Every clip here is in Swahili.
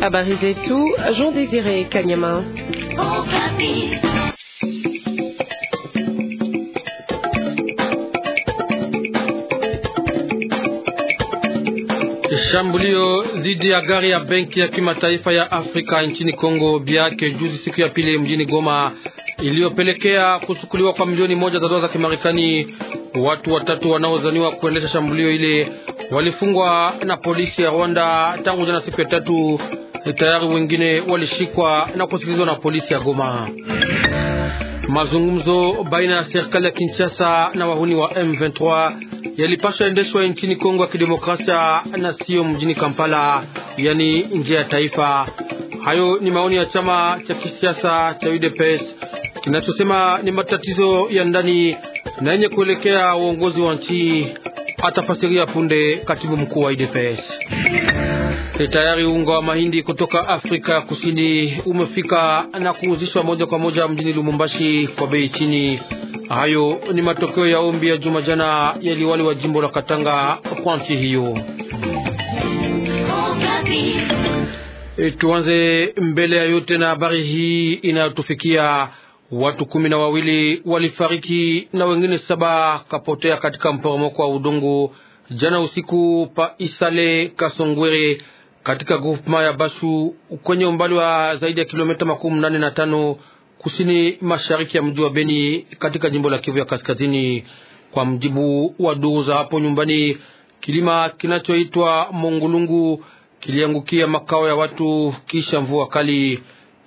Habari zetu Jean Désiré Kanyama. Okapi. Shambulio dhidi ya gari ya benki ya kimataifa ya Afrika nchini Kongo Biake juzi siku ya pili mjini Goma iliyopelekea kusukuliwa kwa milioni moja za dola za Kimarekani. Watu watatu wanaozaniwa kuendesha shambulio ile walifungwa na polisi ya Rwanda tangu jana siku ya tatu. Tayari wengine walishikwa na kusikilizwa na polisi ya Goma. Mazungumzo baina ya serikali ya Kinshasa na wahuni wa M23 yalipaswa endeshwa nchini Kongo ya Kidemokrasia na sio mjini Kampala, yani nje ya taifa. Hayo ni maoni ya chama cha kisiasa cha UDPS kinachosema ni matatizo ya ndani na yenye kuelekea uongozi wa nchi atafasiria punde katibu mkuu wa IDPS. Tayari unga wa mahindi kutoka Afrika Kusini umefika na kuuzishwa moja kwa moja mjini Lumumbashi kwa bei chini. Hayo ni matokeo ya ombi ya juma jana ya liwali wa jimbo la Katanga kwa nchi hiyo. Oh, eh, tuanze mbele ya yote na habari hii inayotufikia watu kumi na wawili walifariki na wengine saba kapotea katika mporomoko wa udongo jana usiku pa Isale Kasongwere katika groupema ya Bashu kwenye umbali wa zaidi ya kilomita makumi nane na tano kusini mashariki ya mji wa Beni katika jimbo la Kivu ya Kaskazini. Kwa mjibu wa duru za hapo nyumbani, kilima kinachoitwa Mongulungu kiliangukia makao ya watu kisha mvua kali.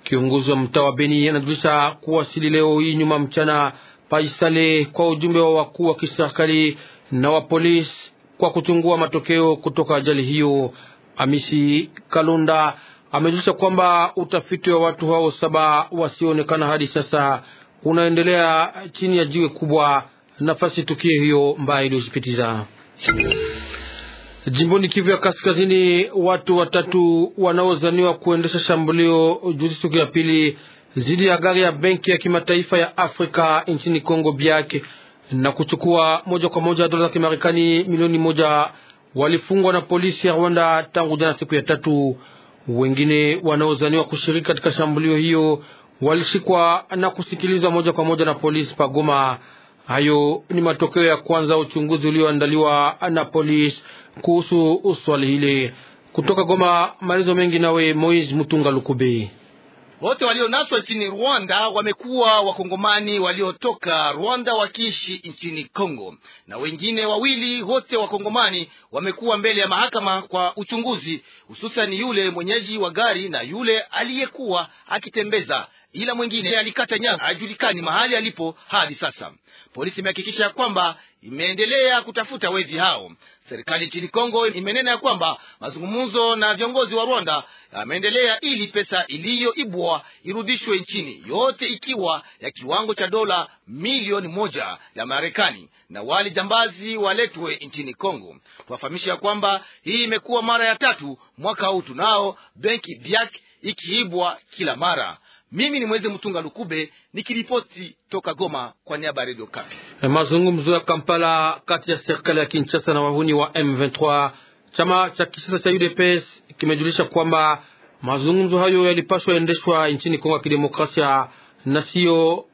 Kiongozi wa mtaa wa Beni anajulisha kuwasili leo hii nyuma mchana paisale kwa ujumbe wa wakuu wa kiserikali na wa polisi kwa kuchungua matokeo kutoka ajali hiyo. Amisi Kalunda amejulisha kwamba utafiti wa watu hao saba wasioonekana hadi sasa unaendelea chini ya jiwe kubwa nafasi tukio hiyo mbaya iliyojipitiza. Jimboni Kivu ya Kaskazini, watu watatu wanaozaniwa kuendesha shambulio juzi siku ya pili dhidi ya gari ya benki ya kimataifa ya Afrika nchini Kongo BIAC na kuchukua moja kwa moja dola za Kimarekani milioni moja walifungwa na polisi ya Rwanda tangu jana siku ya tatu. Wengine wanaozaniwa kushiriki katika shambulio hiyo walishikwa na kusikilizwa moja kwa moja na polisi pagoma. Hayo ni matokeo ya kwanza uchunguzi ulioandaliwa na polisi kuhusu swali hili. Kutoka Goma, maelezo mengi nawe Moise Mutunga Lukube. Wote walionaswa nchini Rwanda wamekuwa wakongomani waliotoka Rwanda wakiishi nchini Kongo, na wengine wawili wote wakongomani wamekuwa mbele ya mahakama kwa uchunguzi, hususan yule mwenyeji wa gari na yule aliyekuwa akitembeza, ila mwingine alikata nyama, hajulikani mahali alipo hadi sasa. Polisi imehakikisha kwamba imeendelea kutafuta wezi hao. Serikali nchini Kongo imenena ya kwamba mazungumzo na viongozi wa Rwanda yameendelea ili pesa iliyoibwa irudishwe nchini, yote ikiwa ya kiwango cha dola milioni moja ya Marekani, na wali jambazi waletwe nchini Kongo. Tuwafahamisha ya kwamba hii imekuwa mara ya tatu mwaka huu tunao benki BIAK ikiibwa kila mara. Mimi ni Mwezi Mtunga Lukube nikiripoti toka Goma kwa niaba ya redio Kapi. Eh, mazungumzo ya Kampala kati ya serikali ya Kinshasa na wahuni wa M23 chama cha kisasa cha UDPS kimejulisha kwamba mazungumzo hayo yalipaswa endeshwa nchini Kongo ya Kidemokrasia na siyo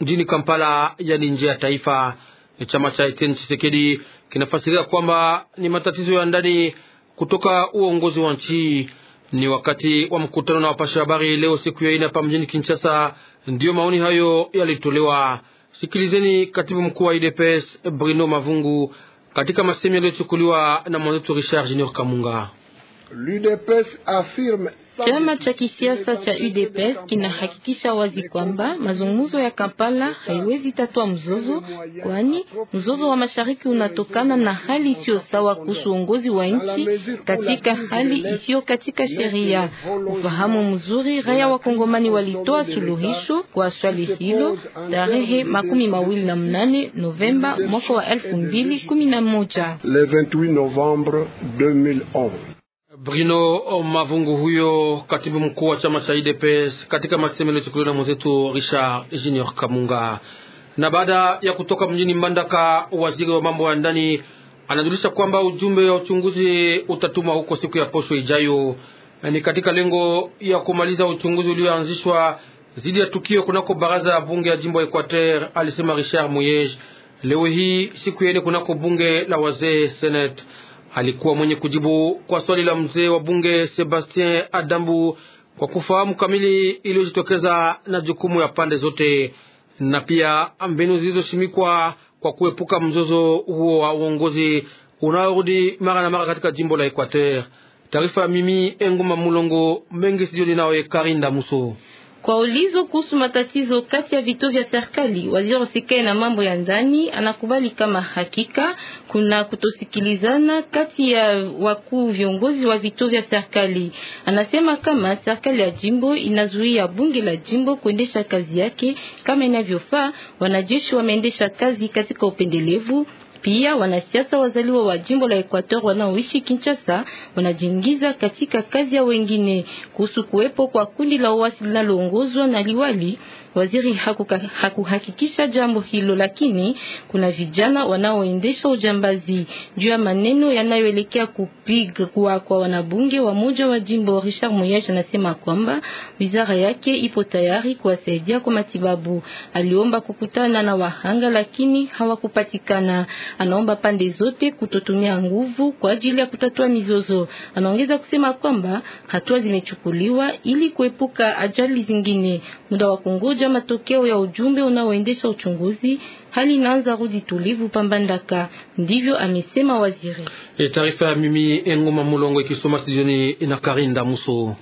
mjini Kampala, yani nje ya taifa. Eh, chama cha Etienne Tshisekedi kinafasiria kwamba ni matatizo ya ndani kutoka uongozi wa nchi. Ni wakati wa mkutano na wapasha habari leo siku ya ine hapa mjini Kinshasa, ndiyo maoni hayo yalitolewa. Sikilizeni katibu mkuu wa UDPS Bruno Mavungu katika masemi yaliyochukuliwa na mwenzetu Richard Junior Kamunga. Chama cha kisiasa cha UDPS kinahakikisha wazi kwamba mazungumzo ya Kampala haiwezi tatua mzozo, kwani mzozo wa mashariki unatokana na hali isiyo sawa kuhusu uongozi wa nchi katika hali isiyo katika sheria. Ufahamu mzuri, raia wa Kongomani walitoa suluhisho kwa swali hilo tarehe makumi mawili na mnane Novemba mwaka wa elfu mbili kumi na moja. Bruno mavungu huyo katibu mkuu wa chama cha IDPS katika masemelo yaliyochukuliwa na mwenzetu Richard Junior Kamunga. Na baada ya kutoka mjini Mbandaka, waziri wa mambo ya ndani anajulisha kwamba ujumbe wa uchunguzi utatumwa huko siku ya posho ijayo. Ni katika lengo ya kumaliza uchunguzi ulioanzishwa zidi ya tukio kunako baraza ya bunge ya jimbo Equateur, alisema Richard Muyej leo hii siku yene kunako bunge la wazee Senate alikuwa mwenye kujibu kwa swali la mzee wa bunge Sebastien Adambu kwa kufahamu kamili iliyojitokeza na jukumu ya pande zote na pia mbinu zilizoshimikwa kwa kuepuka mzozo huo wa uongozi unaorudi mara na mara katika jimbo la Equateur. Taarifa ya mimi Enguma Mulongo mengi sijoni nawe Karinda Muso. Kwa ulizo kuhusu matatizo kati ya vituo vya serikali, waziri usikae na mambo ya ndani anakubali kama hakika kuna kutosikilizana kati ya wakuu viongozi wa vituo vya serikali. Anasema kama serikali ya jimbo inazuia bunge la jimbo kuendesha kazi yake kama inavyofaa, wanajeshi wameendesha kazi katika upendelevu pia wanasiasa wazaliwa wa jimbo la Equator wanaoishi Kinshasa wanajiingiza katika kazi ya wengine. Kuhusu kuwepo kwa kundi la uasi linaloongozwa na liwali, waziri hakuhakikisha haku jambo hilo, lakini kuna vijana wanaoendesha ujambazi. Juu ya maneno yanayoelekea kupiga kwa kwa wanabunge wa moja wa jimbo, Richard Muyaya anasema kwamba wizara yake ipo tayari kuwasaidia kwa matibabu. Aliomba kukutana na wahanga, lakini hawakupatikana. Anaomba pande zote kutotumia nguvu kwa ajili ya kutatua mizozo. Anaongeza kusema kwamba hatua zimechukuliwa ili kuepuka ajali zingine. Muda wa kungoja matokeo ya ujumbe unaoendesha uchunguzi hali inaanza rudi tulivu pambandaka, ndivyo amesema waziri. E, taarifa ya mimi Engoma Mulongo ikisoma sijoni na Karinda Muso.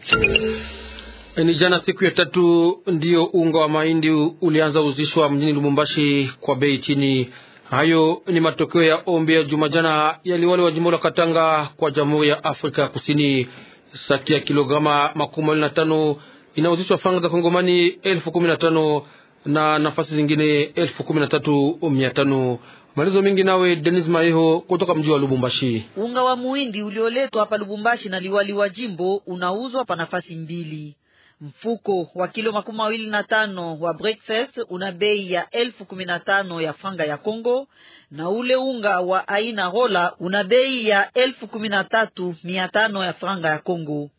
E, ni jana siku ya tatu ndiyo unga wa mahindi ulianza uzishwa mjini Lubumbashi kwa bei chini. Hayo ni matokeo ya ombi ya juma jana ya liwali wa jimbo la Katanga kwa Jamhuri ya Afrika ya Kusini. Saki ya kilograma makumi mawili na tano inauzishwa fanga za Kongomani elfu kumi na tano na nafasi zingine elfu kumi na tatu mia tano. Maelezo mingi nawe Denis Maeho kutoka mji wa Lubumbashi. Unga wa muhindi ulioletwa hapa Lubumbashi na liwali wa jimbo unauzwa pa nafasi mbili Mfuko wa kilo makumi mawili na tano wa breakfast una bei ya elfu kumi na tano ya franga ya Congo na ule unga wa aina rola una bei ya elfu kumi na tatu mia tano ya franga ya Congo.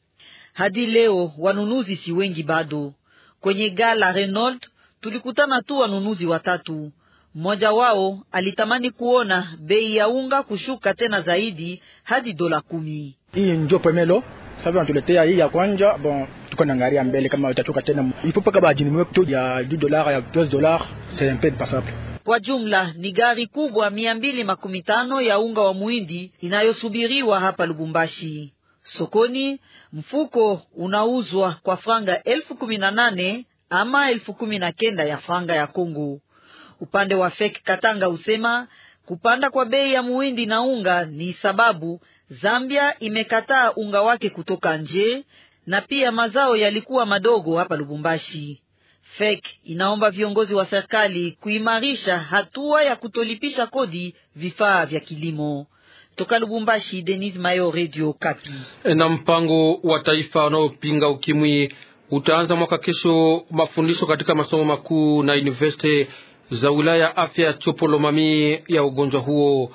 Hadi leo wanunuzi si wengi bado. Kwenye gala Renault tulikutana tu wanunuzi watatu. Mmoja wao alitamani kuona bei ya unga kushuka tena zaidi hadi dola kumi. Hii ndio pomelo sababu natuletea hii ya kwanja bon tuko na ngaria mbele kama itatoka tena ipopa kama ajinimwe kuto ya 10 dollars ya 12 dollars c'est un peu passable Kwa jumla ni gari kubwa mia mbili makumi tano ya unga wa muhindi inayosubiriwa hapa Lubumbashi sokoni. Mfuko unauzwa kwa franga elfu kumi na nane ama elfu kumi na kenda ya franga ya Kongo. Upande wa FEK Katanga usema kupanda kwa bei ya muhindi na unga ni sababu Zambia imekataa unga wake kutoka nje na pia mazao yalikuwa madogo hapa Lubumbashi. fek inaomba viongozi wa serikali kuimarisha hatua ya kutolipisha kodi vifaa vya kilimo. Toka Lubumbashi, Denis Mayo, Radio Kapi. Na mpango wa taifa unaopinga ukimwi utaanza mwaka kesho mafundisho katika masomo makuu na university za wilaya afya ya Mami ya ugonjwa huo.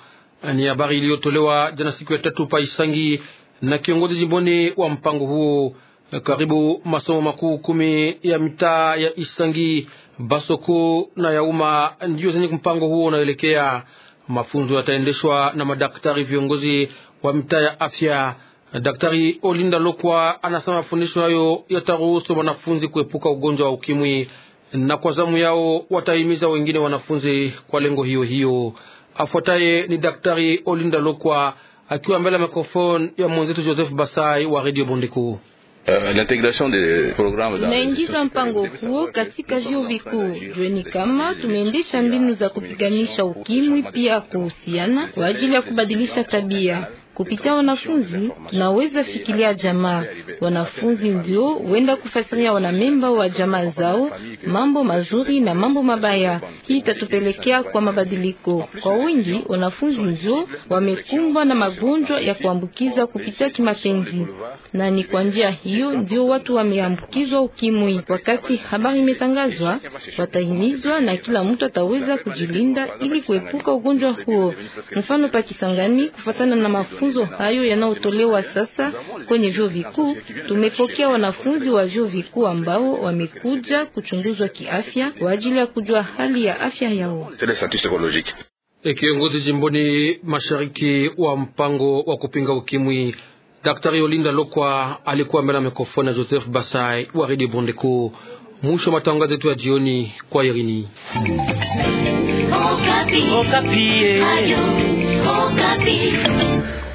Ni habari iliyotolewa jana siku ya tatu pa Isangi na kiongozi jimboni wa mpango huo. Karibu masomo makuu kumi ya mitaa ya Isangi, Basoko na ya umma ndiyo zenye mpango huo unaelekea. Mafunzo yataendeshwa na madaktari viongozi wa mitaa ya afya. Daktari Olinda Lokwa anasema mafundisho hayo yataruhusu wanafunzi kuepuka ugonjwa wa ukimwi, na kwa zamu yao watahimiza wengine wanafunzi kwa lengo hiyo hiyo. Afuataye ni Daktari Olinda Lokwa akiwa mbele ya mikrofoni ya mwenzetu Joseph Basai wa Radio Bondiku. Euh, Tunaingiza mpango huo katika vyuo vikuu. Jueni kama tumeendesha mbinu za kupiganisha ukimwi, pia kuhusiana kwa ajili ya kubadilisha tabia Kupitia wanafunzi tunaweza fikiria jamaa. Wanafunzi ndio wenda kufasiria wanamemba wa jamaa zao mambo mazuri na mambo mabaya. Hii itatupelekea kwa mabadiliko. Kwa wingi, wanafunzi ndio wamekumbwa na magonjwa ya kuambukiza kupitia kimapenzi, na ni kwa njia hiyo ndio watu wameambukizwa ukimwi. Wakati habari imetangazwa, watahimizwa na kila mtu ataweza kujilinda ili kuepuka ugonjwa huo. Mfano pa Kisangani, kufuatana na mafunzo mafunzo hayo yanayotolewa sasa kwenye vyuo vikuu, tumepokea wanafunzi wa vyuo vikuu ambao wamekuja kuchunguzwa kiafya kwa ajili ya kujua hali ya afya yao. E, kiongozi jimboni mashariki wa mpango wa kupinga ukimwi Daktari Olinda Lokwa alikuwa mbele ya mikrofoni na Joseph Basai wa Radio Bondeko. Mwisho matangazo yetu ya jioni kwa Irini. Okapi. Okapi. Eh. Ayo. Okapi.